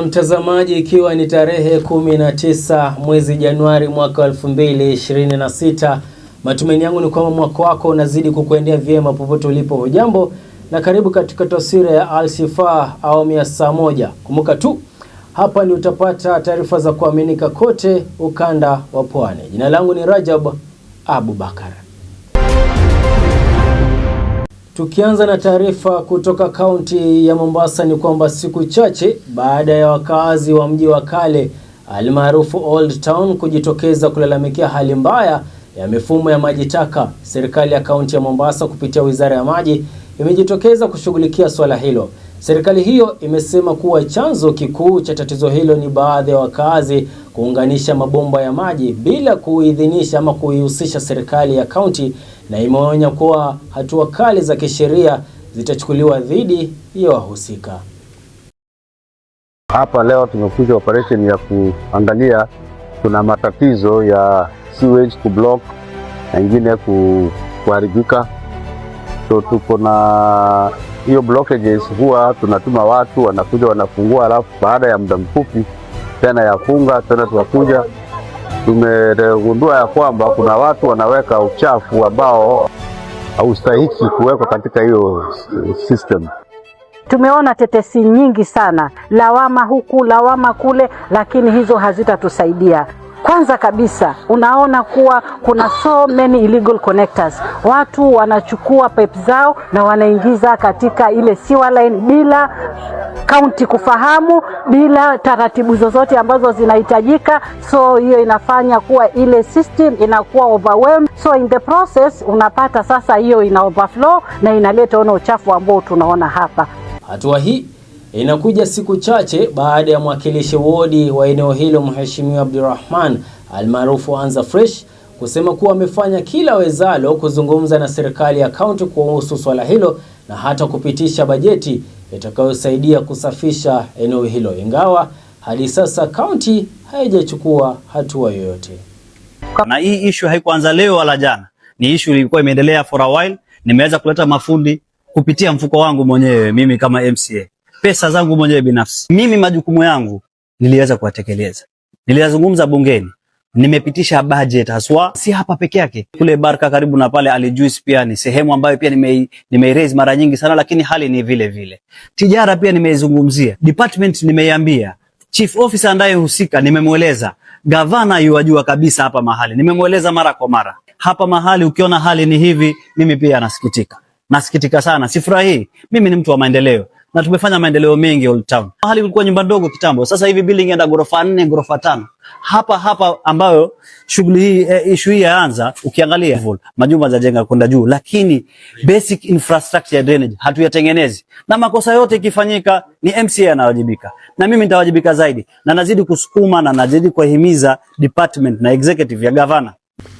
mtazamaji, ikiwa ni tarehe 19 mwezi Januari mwaka 2026, matumaini yangu ni kwamba mwaka wako unazidi kukuendea vyema popote ulipo. Hujambo na karibu katika taswira ya Al Shifaa awamu ya saa moja. Kumbuka tu hapa ndio utapata taarifa za kuaminika kote ukanda wa Pwani. Jina langu ni Rajab Abubakar. Tukianza na taarifa kutoka kaunti ya Mombasa ni kwamba siku chache baada ya wakazi wa mji wa kale almaarufu Old Town kujitokeza kulalamikia hali mbaya ya mifumo ya maji taka, serikali ya kaunti ya Mombasa kupitia wizara ya maji imejitokeza kushughulikia swala hilo. Serikali hiyo imesema kuwa chanzo kikuu cha tatizo hilo ni baadhi ya wakazi kuunganisha mabomba ya maji bila kuidhinisha ama kuihusisha serikali ya kaunti na imeonya kuwa hatua kali za kisheria zitachukuliwa dhidi ya wahusika. Hapa leo tumekuja operation ya kuangalia, kuna matatizo ya sewage block na ingine kuharibika, so tuko na hiyo blockages. Huwa tunatuma watu wanakuja wanafungua, alafu baada ya muda mfupi tena yafunga, tena tunakuja tumegundua ya kwamba kuna watu wanaweka uchafu ambao haustahiki kuwekwa katika hiyo system. Tumeona tetesi nyingi sana, lawama huku lawama kule, lakini hizo hazitatusaidia. Kwanza kabisa unaona kuwa kuna so many illegal connectors. Watu wanachukua pipe zao na wanaingiza katika ile sewer line bila kaunti kufahamu, bila taratibu zozote ambazo zinahitajika. So hiyo inafanya kuwa ile system inakuwa overwhelmed. So in the process unapata sasa hiyo ina overflow na inaleta ona uchafu ambao tunaona hapa. Hatua hii Inakuja siku chache baada ya mwakilishi wodi wa eneo hilo Mheshimiwa Abdurrahman almaarufu Anza Fresh kusema kuwa amefanya kila wezalo kuzungumza na serikali ya kaunti kuhusu swala hilo na hata kupitisha bajeti itakayosaidia kusafisha eneo hilo, ingawa hadi sasa kaunti haijachukua hatua yoyote. Na hii ishu haikuanza leo wala jana, ni ishu ilikuwa imeendelea for a while. Nimeweza kuleta mafundi kupitia mfuko wangu mwenyewe mimi kama MCA pesa zangu mwenyewe binafsi. Mimi majukumu yangu niliweza kuwatekeleza, Niliyazungumza bungeni, nimepitisha budget haswa. Si hapa peke yake, kule Barka karibu na pale Alijuice pia ni sehemu ambayo pia nime, nime raise mara nyingi sana, lakini hali ni vile vile. Tijara pia nimeizungumzia, department nimeiambia, chief officer ndaye husika nimemweleza, gavana yuwajua kabisa hapa mahali, nimemweleza mara kwa mara hapa mahali. Ukiona hali ni hivi, mimi pia nasikitika, nasikitika sana, sifurahii. Mimi ni mtu wa maendeleo na tumefanya maendeleo mengi Old Town. Mahali kulikuwa nyumba ndogo kitambo, sasa hivi building ina ghorofa nne, ghorofa tano. Hapa hapa ambayo shughuli hii e, issue hii yaanza, ukiangalia majumba zajenga kwenda juu, lakini basic infrastructure ya drainage hatuyatengenezi, na makosa yote ikifanyika ni MCA anawajibika, na mimi nitawajibika zaidi, na nazidi kusukuma na nazidi kuhimiza department na executive ya gavana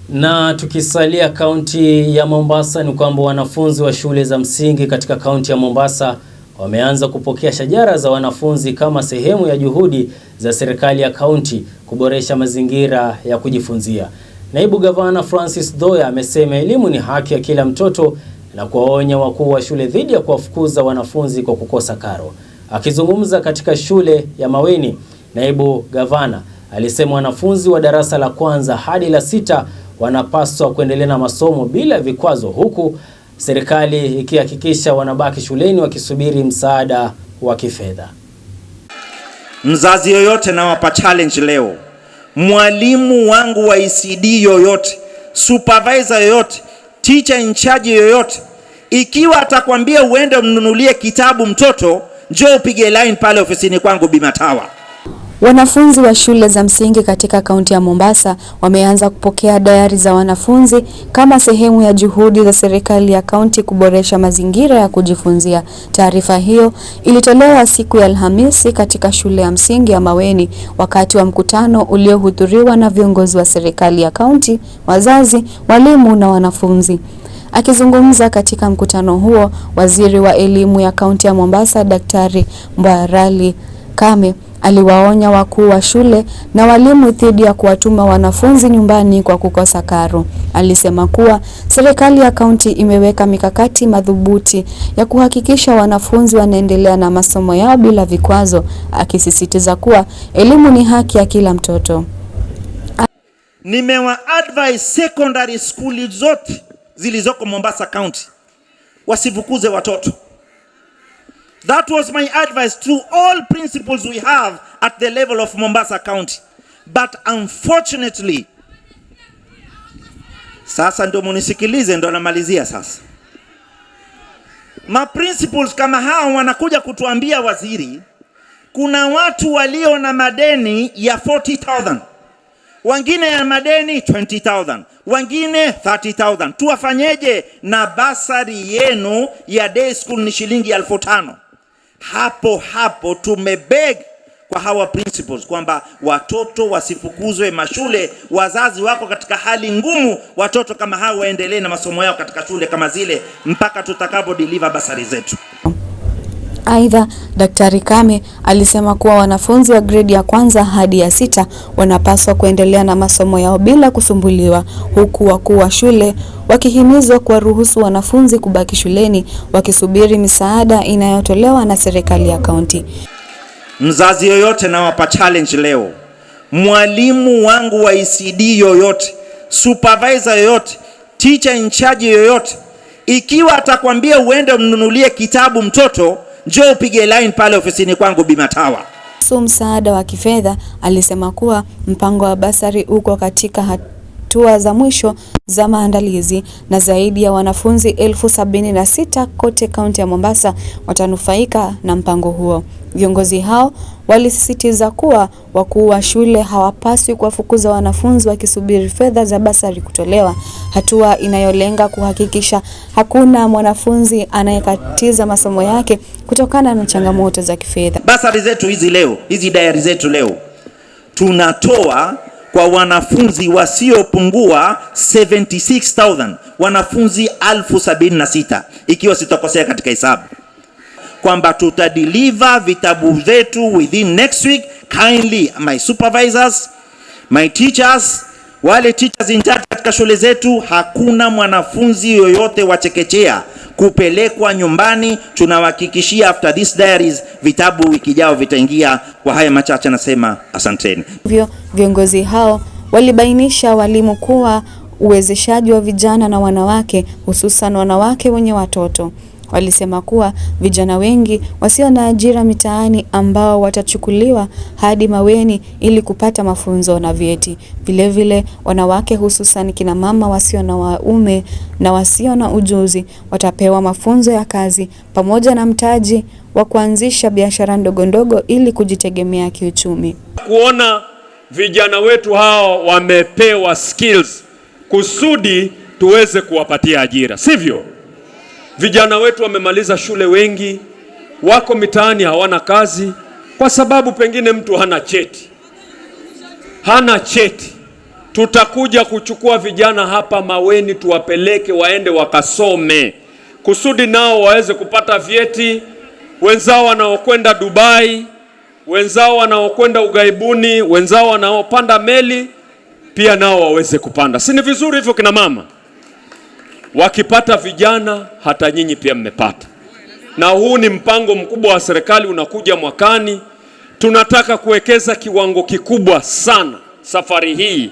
na tukisalia kaunti ya Mombasa ni kwamba wanafunzi wa shule za msingi katika kaunti ya Mombasa wameanza kupokea shajara za wanafunzi kama sehemu ya juhudi za serikali ya kaunti kuboresha mazingira ya kujifunzia. Naibu Gavana Francis Dhoya amesema elimu ni haki ya kila mtoto na kuwaonya wakuu wa shule dhidi ya kuwafukuza wanafunzi kwa kukosa karo. Akizungumza katika shule ya Maweni, naibu gavana alisema wanafunzi wa darasa la kwanza hadi la sita wanapaswa kuendelea na masomo bila vikwazo, huku serikali ikihakikisha wanabaki shuleni wakisubiri msaada wa kifedha. Mzazi yoyote nawapa challenge leo, mwalimu wangu wa ECD yoyote, supervisor yoyote, teacher in charge yoyote, ikiwa atakwambia uende mnunulie kitabu mtoto, njoo upige line pale ofisini kwangu Bimatawa. Wanafunzi wa shule za msingi katika kaunti ya Mombasa wameanza kupokea dayari za wanafunzi kama sehemu ya juhudi za serikali ya kaunti kuboresha mazingira ya kujifunzia. Taarifa hiyo ilitolewa siku ya Alhamisi katika shule ya msingi ya Maweni wakati wa mkutano uliohudhuriwa na viongozi wa serikali ya kaunti, wazazi, walimu na wanafunzi. Akizungumza katika mkutano huo, waziri wa elimu ya kaunti ya Mombasa Daktari Mbarali Kame Aliwaonya wakuu wa shule na walimu dhidi ya kuwatuma wanafunzi nyumbani kwa kukosa karo. Alisema kuwa serikali ya kaunti imeweka mikakati madhubuti ya kuhakikisha wanafunzi wanaendelea na masomo yao bila vikwazo, akisisitiza kuwa elimu ni haki ya kila mtoto. Nimewa advise secondary school zote zilizoko Mombasa County wasifukuze watoto. That was my advice to all principals we have at the level of Mombasa County. But unfortunately, sasa ndo munisikilize, ndo namalizia sasa. Ma principals kama hao wanakuja kutuambia waziri, kuna watu walio na madeni ya 40000 wengine ya madeni 20000 wengine 30000 Tuwafanyeje? na basari yenu ya day school ni shilingi elfu tano hapo hapo tumebeg kwa hawa principles kwamba watoto wasifukuzwe mashule. Wazazi wako katika hali ngumu, watoto kama hao waendelee na masomo yao katika shule kama zile mpaka tutakapo deliver basari zetu. Aidha, Daktari Kame alisema kuwa wanafunzi wa gredi ya kwanza hadi ya sita wanapaswa kuendelea na masomo yao bila kusumbuliwa, huku wakuu wa shule wakihimizwa kuwaruhusu wanafunzi kubaki shuleni wakisubiri misaada inayotolewa na serikali ya kaunti. Mzazi yoyote nawapa challenge leo, mwalimu wangu wa ECD yoyote, supervisor yoyote, teacher in charge yoyote, ikiwa atakwambia uende mnunulie kitabu mtoto njoo upige line pale ofisini kwangu Bi Matawa msaada wa kifedha. Alisema kuwa mpango wa basari uko katika hatua za mwisho za maandalizi na zaidi ya wanafunzi elfu sabini na sita kote kaunti ya Mombasa watanufaika na mpango huo. Viongozi hao Walisisitiza kuwa wakuu wa shule hawapaswi kuwafukuza wanafunzi wakisubiri fedha za basari kutolewa, hatua inayolenga kuhakikisha hakuna mwanafunzi anayekatiza masomo yake kutokana na changamoto za kifedha. Basari zetu hizi leo, hizi dayari zetu leo tunatoa kwa wanafunzi wasiopungua 76000 wanafunzi 1076 ikiwa sitakosea katika hesabu kwamba tutadeliver vitabu vyetu within next week. Kindly my supervisors, my teachers, wale teachers in charge katika shule zetu, hakuna mwanafunzi yoyote wa chekechea kupelekwa nyumbani. Tunawahakikishia after this diaries, vitabu wiki jao vitaingia. Kwa haya machache nasema asanteni. Hivyo viongozi hao walibainisha walimu kuwa uwezeshaji wa vijana na wanawake, hususan wanawake wenye watoto Walisema kuwa vijana wengi wasio na ajira mitaani ambao watachukuliwa hadi Maweni ili kupata mafunzo na vyeti. Vilevile, wanawake hususan kina mama wasio na waume na wasio na ujuzi watapewa mafunzo ya kazi pamoja na mtaji wa kuanzisha biashara ndogo ndogo ili kujitegemea kiuchumi. Kuona vijana wetu hao wamepewa skills kusudi tuweze kuwapatia ajira, sivyo? Vijana wetu wamemaliza shule, wengi wako mitaani, hawana kazi kwa sababu pengine mtu hana cheti, hana cheti. Tutakuja kuchukua vijana hapa Maweni, tuwapeleke waende wakasome, kusudi nao waweze kupata vyeti. Wenzao wanaokwenda Dubai, wenzao wanaokwenda ughaibuni, wenzao wanaopanda meli, pia nao waweze kupanda. Si ni vizuri hivyo, kina mama? wakipata vijana, hata nyinyi pia mmepata. Na huu ni mpango mkubwa wa serikali unakuja mwakani. Tunataka kuwekeza kiwango kikubwa sana safari hii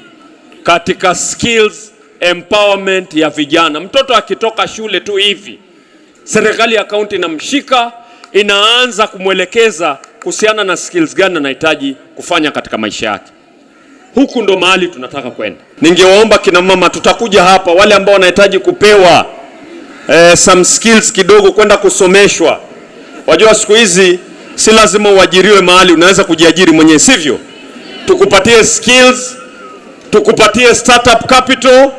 katika skills empowerment ya vijana. Mtoto akitoka shule tu hivi, serikali ya kaunti inamshika, inaanza kumwelekeza kuhusiana na skills gani anahitaji kufanya katika maisha yake. Huku ndo mahali tunataka kwenda. Ningewaomba kina mama, tutakuja hapa, wale ambao wanahitaji kupewa eh, some skills kidogo, kwenda kusomeshwa. Wajua siku hizi si lazima uajiriwe mahali, unaweza kujiajiri mwenyewe, sivyo? Tukupatie skills, tukupatie startup capital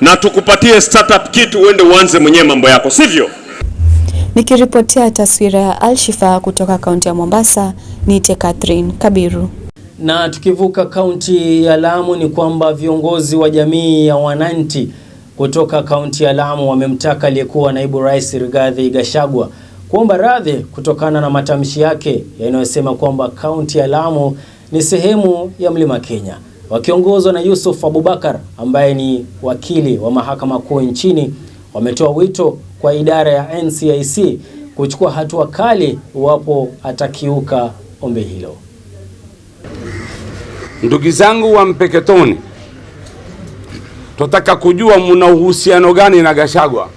na tukupatie startup kit, uende uanze mwenyewe mambo yako, sivyo? Nikiripotia taswira ya Alshifa kutoka kaunti ya Mombasa, ni Catherine Kabiru. Na tukivuka kaunti ya Lamu ni kwamba viongozi wa jamii ya wananti kutoka kaunti ya Lamu wamemtaka aliyekuwa naibu rais Rigathi Gachagua kuomba radhi kutokana na matamshi yake yanayosema kwamba kaunti ya Lamu ni sehemu ya Mlima Kenya. Wakiongozwa na Yusuf Abubakar ambaye ni wakili wa mahakama kuu nchini, wametoa wito kwa idara ya NCIC kuchukua hatua kali iwapo atakiuka ombi hilo. Ndugu zangu wa Mpeketoni, twataka kujua muna uhusiano gani na Gashagwa?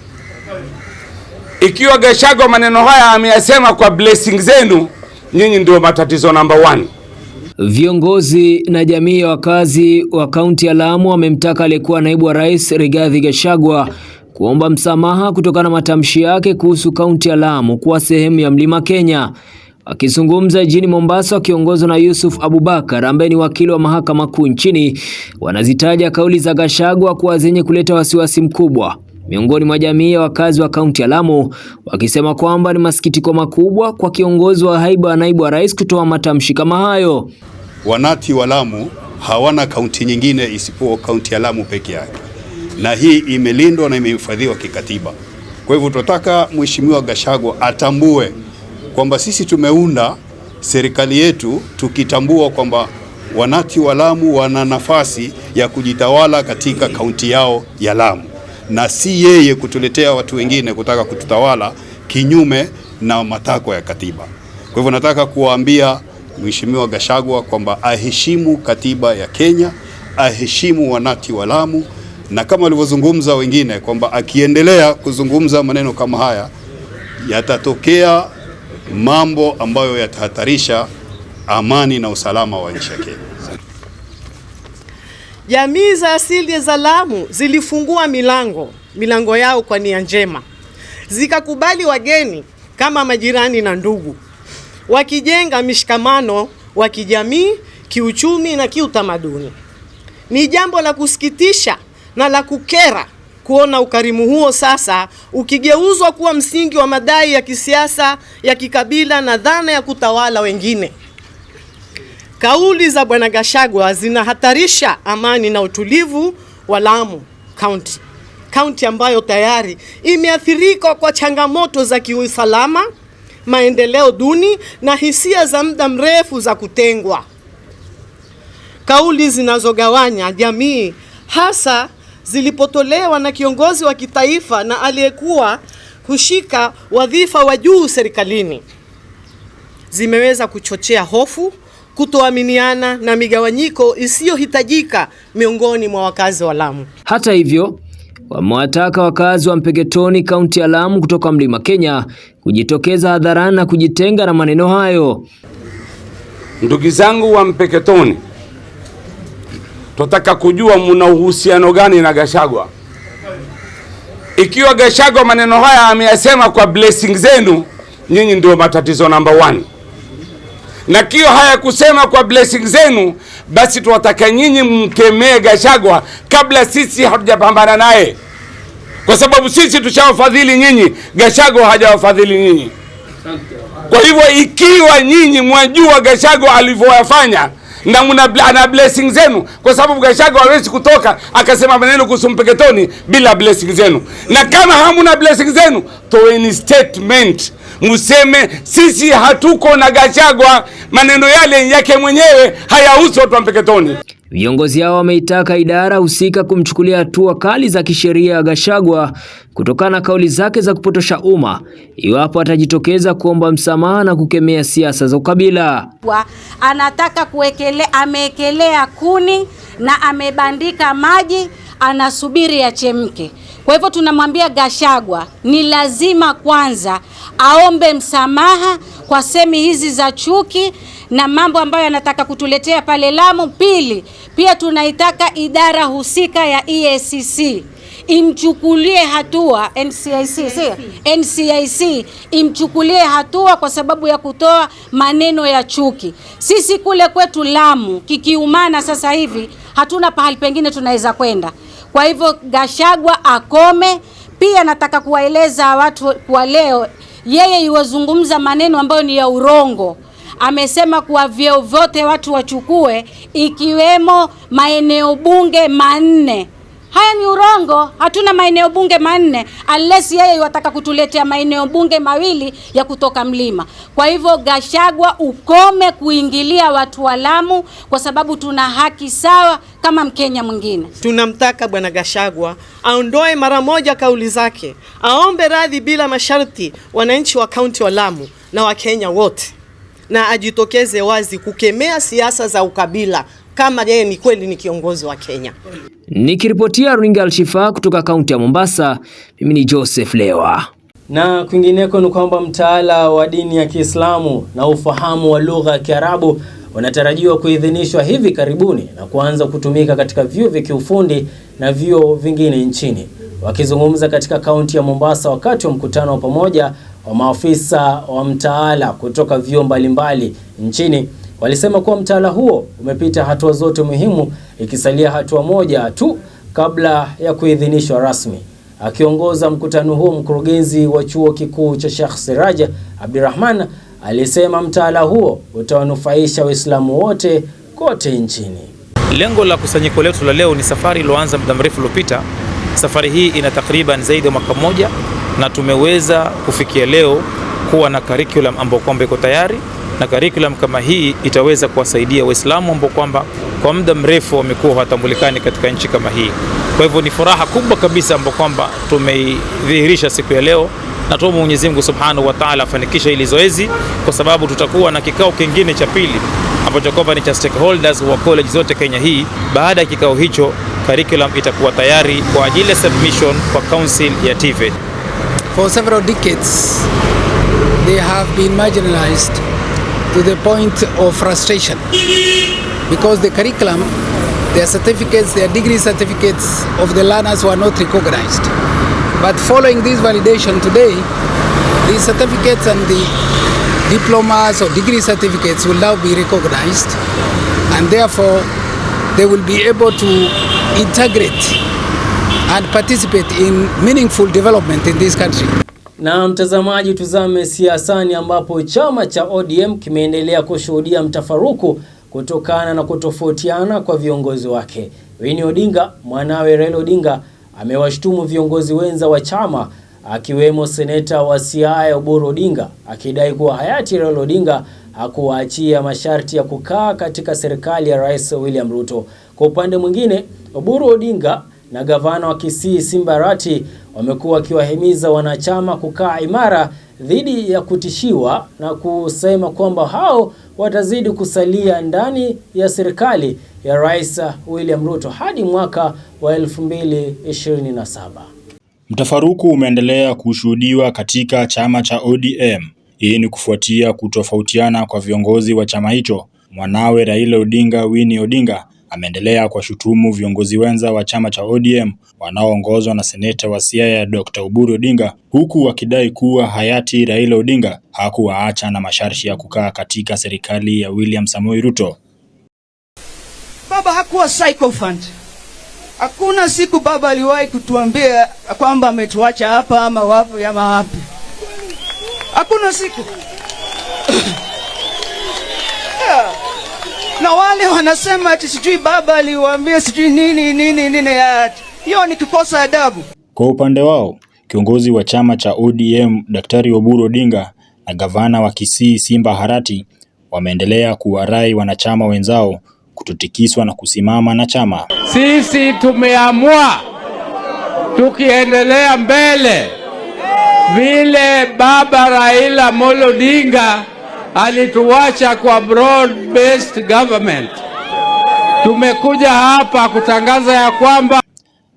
Ikiwa Gashagwa maneno haya ameyasema kwa blessing zenu, nyinyi ndio matatizo namba one. Viongozi na jamii ya wakazi wa kaunti ya Lamu wamemtaka aliyekuwa naibu wa rais Rigathi gashagwa kuomba msamaha kutokana na matamshi yake kuhusu kaunti ya Lamu kuwa sehemu ya Mlima Kenya. Akizungumza jijini Mombasa wakiongozwa na Yusuf Abubakar ambaye ni wakili wa mahakama kuu nchini, wanazitaja kauli za Gachagua kuwa zenye kuleta wasiwasi mkubwa miongoni mwa jamii ya wakazi wa kaunti ya Lamu, wakisema kwamba ni masikitiko makubwa kwa kiongozi wa haiba wa naibu wa rais kutoa matamshi kama hayo. Wanati wa Lamu hawana kaunti nyingine isipokuwa kaunti ya Lamu peke yake, na hii imelindwa na imehifadhiwa kikatiba. Kwa hivyo tunataka mheshimiwa Gachagua atambue kwamba sisi tumeunda serikali yetu tukitambua kwamba wanati wa Lamu wana nafasi ya kujitawala katika kaunti yao ya Lamu, na si yeye kutuletea watu wengine kutaka kututawala kinyume na matakwa ya katiba. Kwa hivyo nataka kuwaambia Mheshimiwa Gashagwa kwamba aheshimu katiba ya Kenya, aheshimu wanati wa Lamu, na kama walivyozungumza wengine kwamba akiendelea kuzungumza maneno kama haya yatatokea mambo ambayo yatahatarisha amani na usalama wa nchi ya Kenya. Jamii za asili za Lamu zilifungua milango milango yao kwa nia njema, zikakubali wageni kama majirani na ndugu, wakijenga mishikamano wa kijamii, kiuchumi na kiutamaduni. Ni jambo la kusikitisha na la kukera kuona ukarimu huo sasa ukigeuzwa kuwa msingi wa madai ya kisiasa, ya kikabila na dhana ya kutawala wengine. Kauli za Bwana Gashagwa zinahatarisha amani na utulivu wa Lamu County, kaunti ambayo tayari imeathirika kwa changamoto za kiusalama, maendeleo duni na hisia za muda mrefu za kutengwa, kauli zinazogawanya jamii hasa zilipotolewa na kiongozi wa kitaifa na aliyekuwa hushika wadhifa wa juu serikalini zimeweza kuchochea hofu, kutoaminiana na migawanyiko isiyohitajika miongoni mwa wakazi wa Lamu. Hata hivyo, wamewataka wakazi wa Mpeketoni, kaunti ya Lamu, kutoka Mlima Kenya kujitokeza hadharani na kujitenga na maneno hayo. Ndugu zangu wa Mpeketoni Tunataka kujua muna uhusiano gani na gashagwa Ikiwa gashagwa maneno haya ameyasema kwa blessing zenu, nyinyi ndio matatizo namba one, na kiwa haya kusema kwa blessing zenu, basi tunataka nyinyi mkemee gashagwa kabla sisi hatujapambana naye, kwa sababu sisi tushawafadhili nyinyi, gashagwa hajawafadhili nyinyi. Kwa hivyo ikiwa nyinyi mwajua gashagwa alivyoyafanya na muna, ana blessing zenu, kwa sababu Gachagua hawezi kutoka akasema maneno kuhusu Mpeketoni bila blessing zenu. Na kama hamuna blessing zenu, toeni statement museme sisi hatuko na Gachagua. Maneno yale yake mwenyewe hayahusu watu wa Mpeketoni. Viongozi hao wameitaka idara husika kumchukulia hatua kali za kisheria Gachagua kutokana na kauli zake za kupotosha umma iwapo atajitokeza kuomba msamaha na kukemea siasa za ukabila. Anataka kuwekelea, ameekelea kuni na amebandika maji, anasubiri yachemke. Kwa hivyo tunamwambia Gachagua ni lazima kwanza aombe msamaha kwa semi hizi za chuki na mambo ambayo yanataka kutuletea pale Lamu. Pili, pia tunaitaka idara husika ya EACC imchukulie hatua NCIC, NCIC imchukulie hatua kwa sababu ya kutoa maneno ya chuki. Sisi kule kwetu Lamu kikiumana sasa hivi hatuna pahali pengine tunaweza kwenda. Kwa hivyo Gashagwa akome. Pia nataka kuwaeleza watu kwa leo, yeye iwazungumza maneno ambayo ni ya urongo amesema kuwa vyeo vyote watu wachukue ikiwemo maeneo bunge manne. Haya ni urongo. Hatuna maeneo bunge manne, unless yeye wataka kutuletea maeneo bunge mawili ya kutoka mlima. Kwa hivyo, Gashagwa, ukome kuingilia watu wa Lamu, kwa sababu tuna haki sawa kama Mkenya mwingine. Tunamtaka bwana Gashagwa aondoe mara moja kauli zake, aombe radhi bila masharti wananchi wa kaunti wa Lamu na Wakenya wote na ajitokeze wazi kukemea siasa za ukabila kama yeye ni kweli ni kiongozi wa Kenya. Nikiripotia runinga Alshifa kutoka kaunti ya Mombasa, mimi ni Joseph Lewa. Na kwingineko ni kwamba mtaala wa dini ya Kiislamu na ufahamu wa lugha ya Kiarabu unatarajiwa kuidhinishwa hivi karibuni na kuanza kutumika katika vyuo vya kiufundi na vyuo vingine nchini. Wakizungumza katika kaunti ya Mombasa wakati wa mkutano wa pamoja wa maafisa wa mtaala kutoka vyuo mbalimbali nchini walisema kuwa mtaala huo umepita hatua zote muhimu, ikisalia hatua moja tu kabla ya kuidhinishwa rasmi. Akiongoza mkutano huo, mkurugenzi wa chuo kikuu cha Sheikh siraj Abdulrahman alisema mtaala huo utawanufaisha Waislamu wote kote nchini. Lengo la kusanyiko letu la leo ni safari iliyoanza muda mrefu uliopita. Safari hii ina takriban zaidi ya mwaka mmoja na tumeweza kufikia leo kuwa na curriculum ambayo kwamba iko tayari, na curriculum kama hii itaweza kuwasaidia Waislamu ambao kwamba kwa muda mrefu wamekuwa hawatambulikani katika nchi kama hii. Kwa hivyo ni furaha kubwa kabisa ambayo kwamba tumeidhihirisha siku ya leo. Natuomba Mwenyezi Mungu Subhanahu wa Ta'ala afanikishe hili zoezi, kwa sababu tutakuwa na kikao kingine cha pili ambacho kwamba ni cha stakeholders wa college zote Kenya hii. Baada ya kikao hicho, curriculum itakuwa tayari kwa ajili ya submission kwa council ya TVET. For several decades, they have been marginalized to the point of frustration because the curriculum, their certificates, their degree certificates of the learners were not recognized. But following this validation today, the certificates and the diplomas or degree certificates will now be recognized and therefore they will be able to integrate and participate in meaningful development in this country. Na mtazamaji, tuzame siasani ambapo chama cha ODM kimeendelea kushuhudia mtafaruku kutokana na kutofautiana kwa viongozi wake. Winnie Odinga mwanawe Raila Odinga amewashtumu viongozi wenza wa chama akiwemo seneta wa Siaya Oburu Odinga akidai kuwa hayati Raila Odinga hakuwaachia masharti ya kukaa katika serikali ya Rais William Ruto. Kwa upande mwingine, Oburu Odinga na gavana wa Kisii Simba Arati wamekuwa wakiwahimiza wanachama kukaa imara dhidi ya kutishiwa na kusema kwamba hao watazidi kusalia ndani ya serikali ya Rais William Ruto hadi mwaka wa 2027. Mtafaruku umeendelea kushuhudiwa katika chama cha ODM. Hii ni kufuatia kutofautiana kwa viongozi wa chama hicho. Mwanawe Raila Odinga, Winnie Odinga Ameendelea kuwashutumu viongozi wenza wa chama cha ODM wanaoongozwa na seneta wa Siaya Dr. Oburu Odinga, huku wakidai kuwa hayati Raila Odinga hakuwaacha na masharti ya kukaa katika serikali ya William Samoei Ruto. Baba hakuwa sycophant. Hakuna siku baba aliwahi kutuambia kwamba ametuacha hapa ama wapi ama wapi. Hakuna siku na wale wanasema ati sijui baba aliwaambia sijui nini nini nini, hiyo ni kukosa adabu. Kwa upande wao kiongozi wa chama cha ODM Daktari Oburu Odinga na gavana wa Kisii Simba Harati wameendelea kuwarai wanachama wenzao kutotikiswa na kusimama na chama. Sisi tumeamua tukiendelea mbele vile baba Raila Amolo Odinga alituacha kwa broad based government. Tumekuja hapa kutangaza ya kwamba.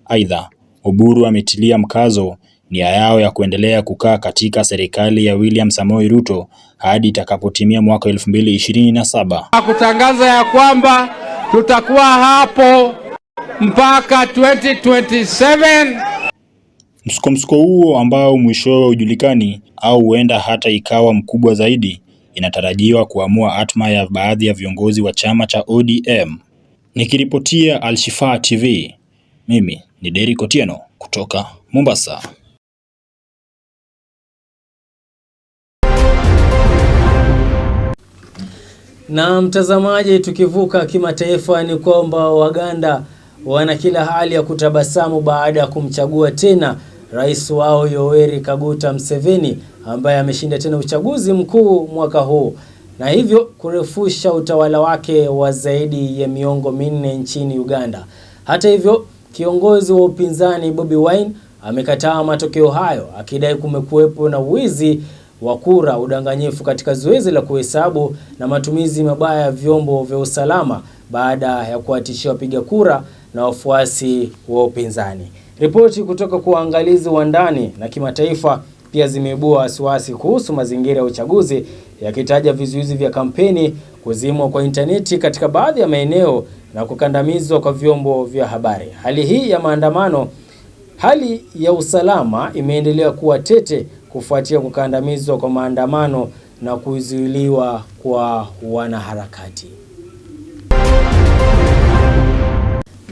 Aidha, Oburu ametilia mkazo nia yao ya kuendelea kukaa katika serikali ya William Samoei Ruto hadi itakapotimia mwaka 2027. Kutangaza ya kwamba tutakuwa hapo mpaka 2027. Msukomsuko huo ambao wa ujulikani au huenda hata ikawa mkubwa zaidi inatarajiwa kuamua hatma ya baadhi ya viongozi wa chama cha ODM. Nikiripotia Alshifa TV, mimi ni Derrick Otieno kutoka Mombasa. Na mtazamaji, tukivuka kimataifa ni kwamba Waganda wana kila hali ya kutabasamu baada ya kumchagua tena rais wao Yoweri Kaguta Museveni ambaye ameshinda tena uchaguzi mkuu mwaka huu na hivyo kurefusha utawala wake wa zaidi ya miongo minne nchini Uganda. Hata hivyo, kiongozi wa upinzani Bobi Wine amekataa matokeo hayo akidai kumekuwepo na wizi wa kura, udanganyifu katika zoezi la kuhesabu na matumizi mabaya ya vyombo vya usalama baada ya kuwatishia wapiga kura na wafuasi wa upinzani. Ripoti kutoka kwa waangalizi wa ndani na kimataifa pia zimeibua wasiwasi kuhusu mazingira ya uchaguzi, yakitaja vizuizi vya kampeni, kuzimwa kwa intaneti katika baadhi ya maeneo na kukandamizwa kwa vyombo vya habari. Hali hii ya maandamano, hali ya usalama imeendelea kuwa tete kufuatia kukandamizwa kwa maandamano na kuzuiliwa kwa wanaharakati.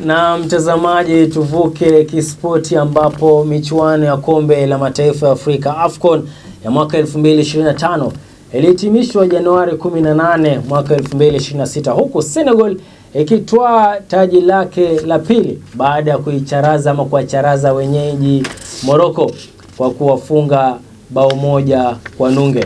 Na mtazamaji, tuvuke kispoti ambapo michuano ya kombe la mataifa ya Afrika AFCON ya mwaka 2025 ilihitimishwa Januari 18 mwaka 2026 huku Senegal ikitwaa taji lake la pili baada ya kuicharaza ama kuwacharaza wenyeji Morocco kwa kuwafunga bao moja kwa nunge.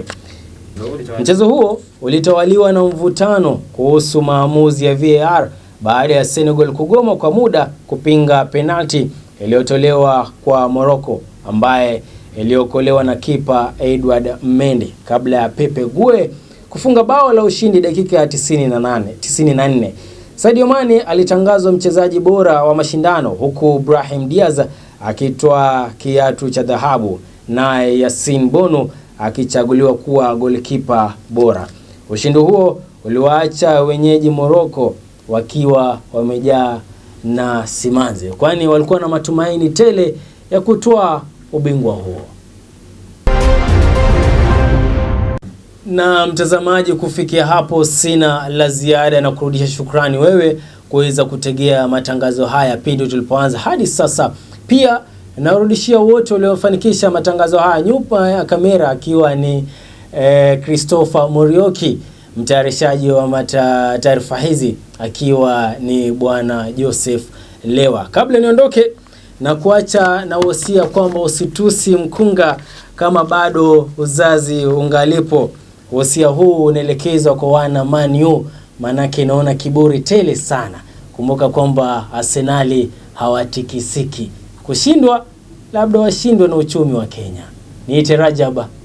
Mchezo huo ulitawaliwa na mvutano kuhusu maamuzi ya VAR baada ya Senegal kugoma kwa muda kupinga penalti iliyotolewa kwa Morocco ambaye iliokolewa na kipa Edward Mendy kabla ya Pepe Gue kufunga bao la ushindi dakika ya 98 94. Sadio Mane alitangazwa mchezaji bora wa mashindano huku Brahim Diaz akitwa kiatu cha dhahabu naye Yasin Bono akichaguliwa kuwa golikipa bora. Ushindi huo uliwaacha wenyeji Morocco wakiwa wamejaa na simanzi, kwani walikuwa na matumaini tele ya kutoa ubingwa huo. Na mtazamaji, kufikia hapo sina la ziada na kurudisha shukrani wewe kuweza kutegea matangazo haya pindi tulipoanza hadi sasa. Pia narudishia wote waliofanikisha matangazo haya, nyuma ya kamera akiwa ni eh, Christopher Morioki. Mtayarishaji wa taarifa hizi akiwa ni bwana Joseph Lewa. Kabla niondoke na kuacha na wosia kwamba usitusi mkunga kama bado uzazi ungalipo. Wosia huu unaelekezwa kwa wana Man U, maanake inaona kiburi tele sana. Kumbuka kwamba Arsenali hawatikisiki, kushindwa labda washindwe na uchumi wa Kenya. Niite Rajaba.